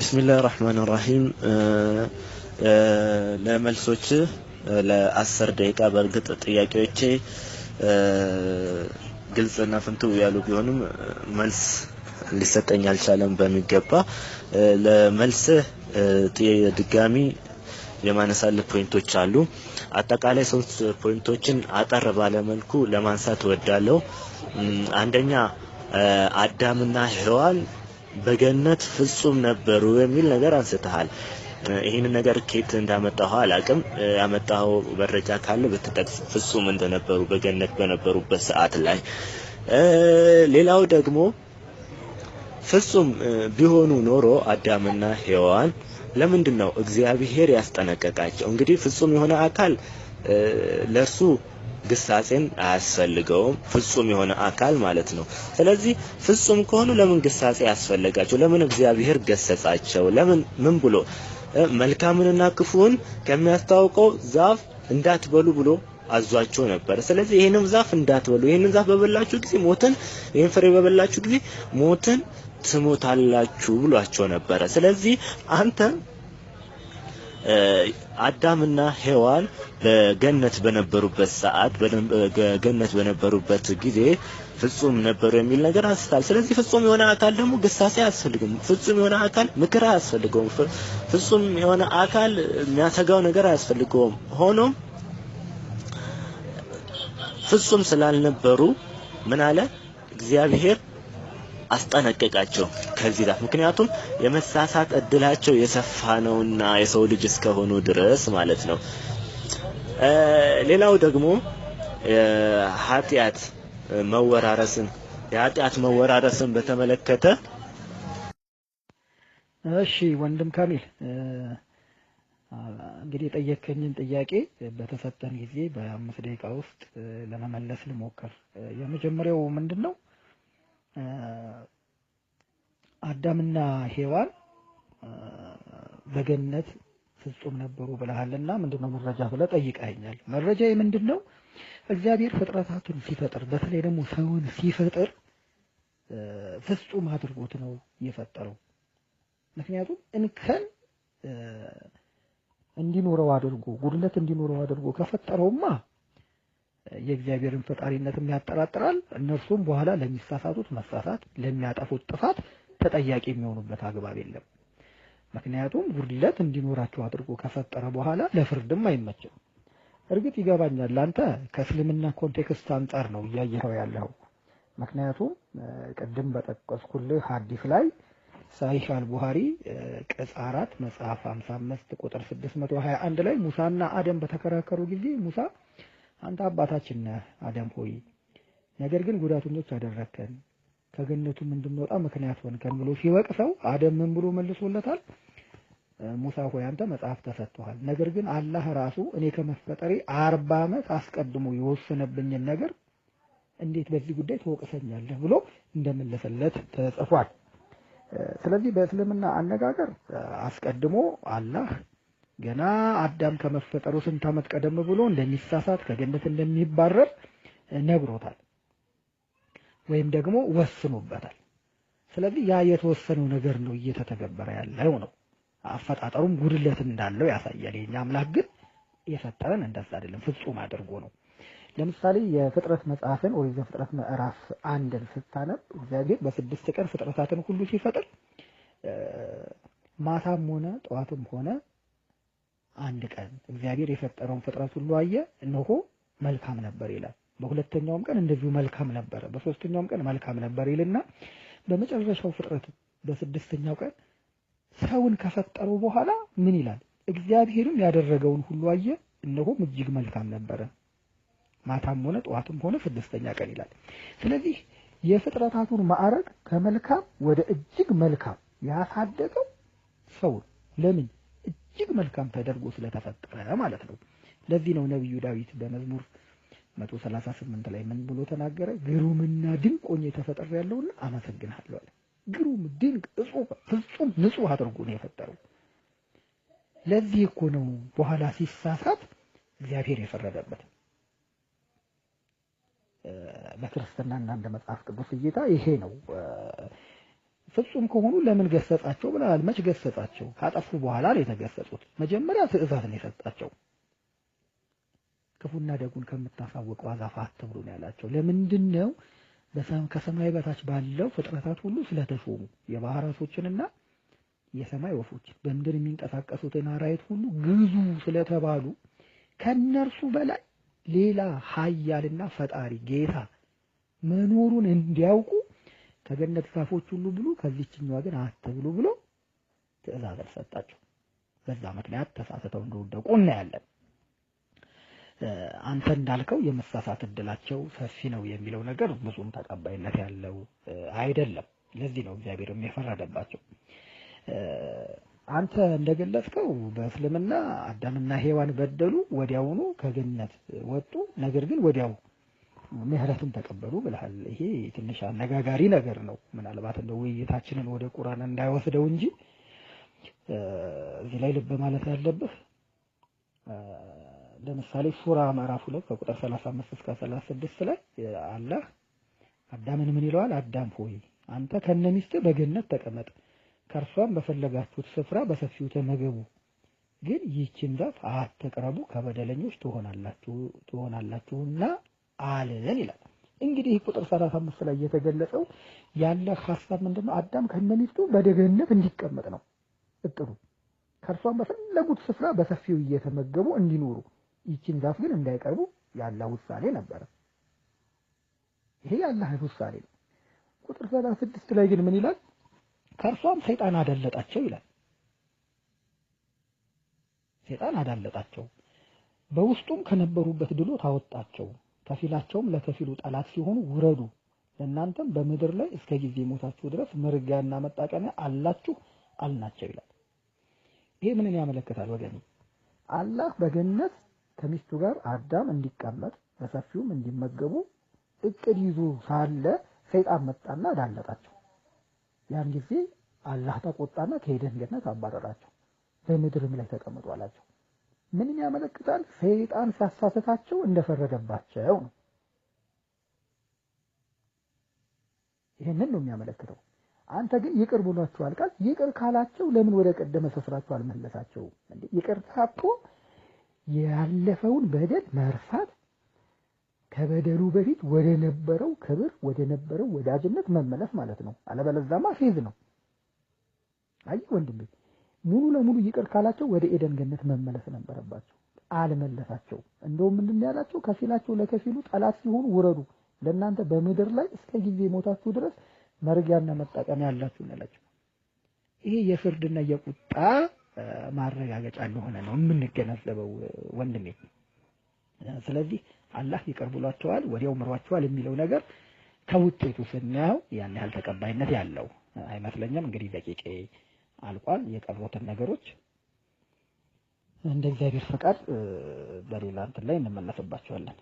ቢስሚላህ ራህማን ራሂም ለመልሶች ለአስር ደቂቃ በእርግጥ ጥያቄዎቼ ግልጽና ፍንትው ያሉ ቢሆንም መልስ ሊሰጠኝ አልቻለም በሚገባ ለመልስህ ድጋሚ የማነሳል ፖይንቶች አሉ አጠቃላይ ሶስት ፖይንቶችን አጠር ባለመልኩ ለማንሳት እወዳለሁ አንደኛ አዳምና ሔዋን በገነት ፍጹም ነበሩ የሚል ነገር አንስተሃል። ይህንን ነገር ኬት እንዳመጣኸው አላቅም። ያመጣኸው መረጃ ካለ ብትጠቅስ። ፍጹም እንደነበሩ በገነት በነበሩበት ሰዓት ላይ ሌላው ደግሞ ፍጹም ቢሆኑ ኖሮ አዳምና ሔዋን ለምንድን ነው እግዚአብሔር ያስጠነቀቃቸው? እንግዲህ ፍጹም የሆነ አካል ለእርሱ ግሳጼን አያስፈልገውም ፍጹም የሆነ አካል ማለት ነው። ስለዚህ ፍጹም ከሆኑ ለምን ግሳጼ ያስፈልጋቸው? ለምን እግዚአብሔር ገሰጻቸው? ለምን ምን ብሎ መልካምንና ክፉን ከሚያስታውቀው ዛፍ እንዳትበሉ ብሎ አዟቸው ነበር። ስለዚህ ይህንም ዛፍ እንዳትበሉ፣ ይሄንን ዛፍ በበላችሁ ጊዜ ሞትን፣ ይሄን ፍሬ በበላችሁ ጊዜ ሞትን ትሞታላችሁ ብሏቸው ነበረ። ስለዚህ አንተ አዳምና ሔዋን በገነት በነበሩበት ሰዓት በገነት በነበሩበት ጊዜ ፍጹም ነበሩ የሚል ነገር አንስታል። ስለዚህ ፍጹም የሆነ አካል ደግሞ ግሳሴ አያስፈልግም። ፍጹም የሆነ አካል ምክር አያስፈልገውም። ፍጹም የሆነ አካል የሚያሰጋው ነገር አያስፈልገውም። ሆኖም ፍጹም ስላልነበሩ ምን አለ እግዚአብሔር አስጠነቀቃቸው። ከዚህ ጋር ምክንያቱም የመሳሳት እድላቸው የሰፋ ነውና የሰው ልጅ እስከሆኑ ድረስ ማለት ነው። ሌላው ደግሞ ኃጢአት መወራረስን የኃጢአት መወራረስን በተመለከተ እሺ ወንድም ካሚል እንግዲህ የጠየከኝን ጥያቄ በተሰጠን ጊዜ በአምስት ደቂቃ ውስጥ ለመመለስ ልሞክር። የመጀመሪያው ምንድን ነው? አዳምና ሔዋን በገነት ፍጹም ነበሩ ብለሃልና ምንድነው መረጃ ብለህ ጠይቀኛል። መረጃ ምንድን ነው? እግዚአብሔር ፍጥረታቱን ሲፈጥር በተለይ ደግሞ ሰውን ሲፈጥር ፍጹም አድርጎት ነው የፈጠረው። ምክንያቱም እንከን እንዲኖረው አድርጎ ጉድለት እንዲኖረው አድርጎ ከፈጠረውማ የእግዚአብሔርን ፈጣሪነትም ያጠራጥራል። እነርሱም በኋላ ለሚሳሳቱት መሳሳት፣ ለሚያጠፉት ጥፋት ተጠያቂ የሚሆኑበት አግባብ የለም። ምክንያቱም ጉድለት እንዲኖራቸው አድርጎ ከፈጠረ በኋላ ለፍርድም አይመችም። እርግጥ ይገባኛል፣ ላንተ ከእስልምና ኮንቴክስት አንጻር ነው እያየኸው ያለው ምክንያቱም ቅድም በጠቀስኩልህ ሐዲስ ላይ ሳሂህ አልቡሃሪ ቅጽ አራት መጽሐፍ 55 ቁጥር 621 ላይ ሙሳና አደም በተከራከሩ ጊዜ ሙሳ አንተ አባታችን ነህ፣ አደም ሆይ ነገር ግን ጉዳተኞች አደረከን ከገነቱም እንድንወጣ ምክንያት ሆንከን ብሎ ሲወቅሰው አደም ምን ብሎ መልሶለታል? ሙሳ ሆይ አንተ መጽሐፍ ተሰጥቶሃል። ነገር ግን አላህ ራሱ እኔ ከመፈጠሬ አርባ ዓመት አስቀድሞ የወሰነብኝን ነገር እንዴት በዚህ ጉዳይ ትወቅሰኛለህ ብሎ እንደመለሰለት ተጽፏል። ስለዚህ በእስልምና አነጋገር አስቀድሞ አላህ ገና አዳም ከመፈጠሩ ስንት ዓመት ቀደም ብሎ እንደሚሳሳት ከገነት እንደሚባረር ነግሮታል። ወይም ደግሞ ወስኖበታል። ስለዚህ ያ የተወሰነው ነገር ነው እየተተገበረ ያለው ነው። አፈጣጠሩም ጉድለት እንዳለው ያሳያል። የኛ አምላክ ግን የፈጠረን እንደዛ አይደለም፣ ፍጹም አድርጎ ነው። ለምሳሌ የፍጥረት መጽሐፍን ወይም ዘፍጥረት ምዕራፍ አንድን ስታነብ እግዚአብሔር በስድስት ቀን ፍጥረታትን ሁሉ ሲፈጥር ማታም ሆነ ጠዋትም ሆነ አንድ ቀን እግዚአብሔር የፈጠረውን ፍጥረት ሁሉ አየ፣ እነሆ መልካም ነበር ይላል። በሁለተኛውም ቀን እንደዚሁ መልካም ነበረ፣ በሶስተኛውም ቀን መልካም ነበር ይልና በመጨረሻው ፍጥረት በስድስተኛው ቀን ሰውን ከፈጠሩ በኋላ ምን ይላል? እግዚአብሔርም ያደረገውን ሁሉ አየ፣ እነሆም እጅግ መልካም ነበረ። ማታም ሆነ ጠዋትም ሆነ ስድስተኛ ቀን ይላል። ስለዚህ የፍጥረታቱን ማዕረግ ከመልካም ወደ እጅግ መልካም ያሳደገው ሰውን ለምን እጅግ መልካም ተደርጎ ስለተፈጠረ ማለት ነው። ለዚህ ነው ነቢዩ ዳዊት በመዝሙር መቶ ሰላሳ ስምንት ላይ ምን ብሎ ተናገረ? ግሩምና ድንቅ ሆኜ ያለውን ያለውና አመሰግናለሁ አለ። ግሩም ድንቅ፣ እጹብ፣ ፍጹም፣ ንጹህ አድርጎ ነው የፈጠረው። ለዚህ እኮ ነው በኋላ ሲሳሳት እግዚአብሔር የፈረደበት። በክርስትና እና እንደ መጽሐፍ ቅዱስ እይታ ይሄ ነው። ፍጹም ከሆኑ ለምን ገሰጻቸው ብለናል። መች ገሰጻቸው? ካጠፉ በኋላ ነው የተገሰጹት። መጀመሪያ ትእዛዝ ነው የሰጣቸው። ክፉና ደጉን ከምታሳውቀው አዛፍ አትብሉ ነው ያላቸው። ለምንድን ነው? ከሰማይ በታች ባለው ፍጥረታት ሁሉ ስለተሾሙ የባህራቶችንና ዓሦችንና የሰማይ ወፎችን በምድር የሚንቀሳቀሱትን አራዊት ሁሉ ግዙ ስለተባሉ ከነርሱ በላይ ሌላ ኃያልና ፈጣሪ ጌታ መኖሩን እንዲያውቁ ከገነት ዛፎች ሁሉ ብሉ፣ ከዚችኛዋ ግን አትብሉ ብሎ ትእዛዝ ሰጣቸው። በዛ ምክንያት ተሳስተው እንደወደቁ እናያለን። አንተ እንዳልከው የመሳሳት እድላቸው ሰፊ ነው የሚለው ነገር ብዙም ተቀባይነት ያለው አይደለም። ለዚህ ነው እግዚአብሔር የፈረደባቸው። አንተ እንደገለጽከው በእስልምና አዳምና ሔዋን በደሉ፣ ወዲያውኑ ከገነት ወጡ። ነገር ግን ወዲያው ምህረትን ተቀበሉ ብለሃል። ይሄ ትንሽ አነጋጋሪ ነገር ነው። ምናልባት እንደ ውይይታችንን ወደ ቁራን እንዳይወስደው እንጂ እዚህ ላይ ልብ ማለት ያለብህ ለምሳሌ ሱራ ምዕራፍ ሁለት ከቁጥር 35 እስከ 36 ላይ አላህ አዳምን ምን ይለዋል? አዳም ሆይ አንተ ከነሚስትህ በገነት ተቀመጥ፣ ከእርሷም በፈለጋችሁት ስፍራ በሰፊው ተመገቡ፣ ግን ይህችን ዛፍ አትቅረቡ፣ ከበደለኞች ትሆናላችሁና አለን ይላል። እንግዲህ ቁጥር 35 ላይ የተገለጸው ያለ ሀሳብ ምንድነው? አዳም ከነሚስቱ በደገነት እንዲቀመጥ ነው እቅዱ። ከእርሷም በፈለጉት ስፍራ በሰፊው እየተመገቡ እንዲኖሩ ይቺን ዛፍ ግን እንዳይቀርቡ ያላህ ውሳኔ ነበረ። ይሄ ያላህ ውሳኔ ነው። ቁጥር 36 ስድስት ላይ ግን ምን ይላል? ከእርሷም ሰይጣን አዳለጣቸው ይላል። ሰይጣን አዳለጣቸው፣ በውስጡም ከነበሩበት ድሎ ታወጣቸው ከፊላቸውም ለከፊሉ ጠላት ሲሆኑ ውረዱ፣ ለእናንተም በምድር ላይ እስከ ጊዜ ሞታችሁ ድረስ መርጊያና መጣቀሚያ አላችሁ አልናቸው ይላል። ይሄ ምንን ያመለክታል ወገኔ? አላህ በገነት ከሚስቱ ጋር አዳም እንዲቀመጥ በሰፊውም እንዲመገቡ እቅድ ይዞ ሳለ ሰይጣን መጣና አዳለጣቸው። ያን ጊዜ አላህ ተቆጣና ከሄደን ገነት አባረራቸው። በምድርም ላይ ተቀምጡ አላቸው። ምንም ያመለክታል? ሰይጣን ሲያሳስታቸው እንደፈረደባቸው ነው። ይህንን ነው የሚያመለክተው። አንተ ግን ይቅር ብሏቸዋል ቃል ይቅር ካላቸው ለምን ወደ ቀደመ ስፍራቸው አልመለሳቸውም? ይቅርታ እኮ ያለፈውን በደል መርሳት፣ ከበደሉ በፊት ወደ ነበረው ክብር ወደ ነበረው ወዳጅነት መመለስ ማለት ነው። አለበለዛማ ፌዝ ነው። አይ ወንድሜ ሙሉ ለሙሉ ይቅር ካላቸው ወደ ኤደን ገነት መመለስ ነበረባቸው። አልመለሳቸውም። እንደውም ምንድን ያላቸው ከፊላቸው ለከፊሉ ጠላት ሲሆኑ ውረዱ፣ ለእናንተ በምድር ላይ እስከ ጊዜ ሞታችሁ ድረስ መርጊያና መጣቀሚያ ያላችሁ ያላቸው ይሄ የፍርድና የቁጣ ማረጋገጫ እንደሆነ ነው የምንገነዘበው ወንድሜ። ስለዚህ አላህ ይቅር ብሏቸዋል፣ ወዲያው ምሯቸዋል የሚለው ነገር ከውጤቱ ስናየው ያን ያህል ተቀባይነት ያለው አይመስለኝም። እንግዲህ ደቂቄ አልቋል። የቀሩትን ነገሮች እንደ እግዚአብሔር ፈቃድ በሌላ እንትን ላይ እንመለስባቸዋለን።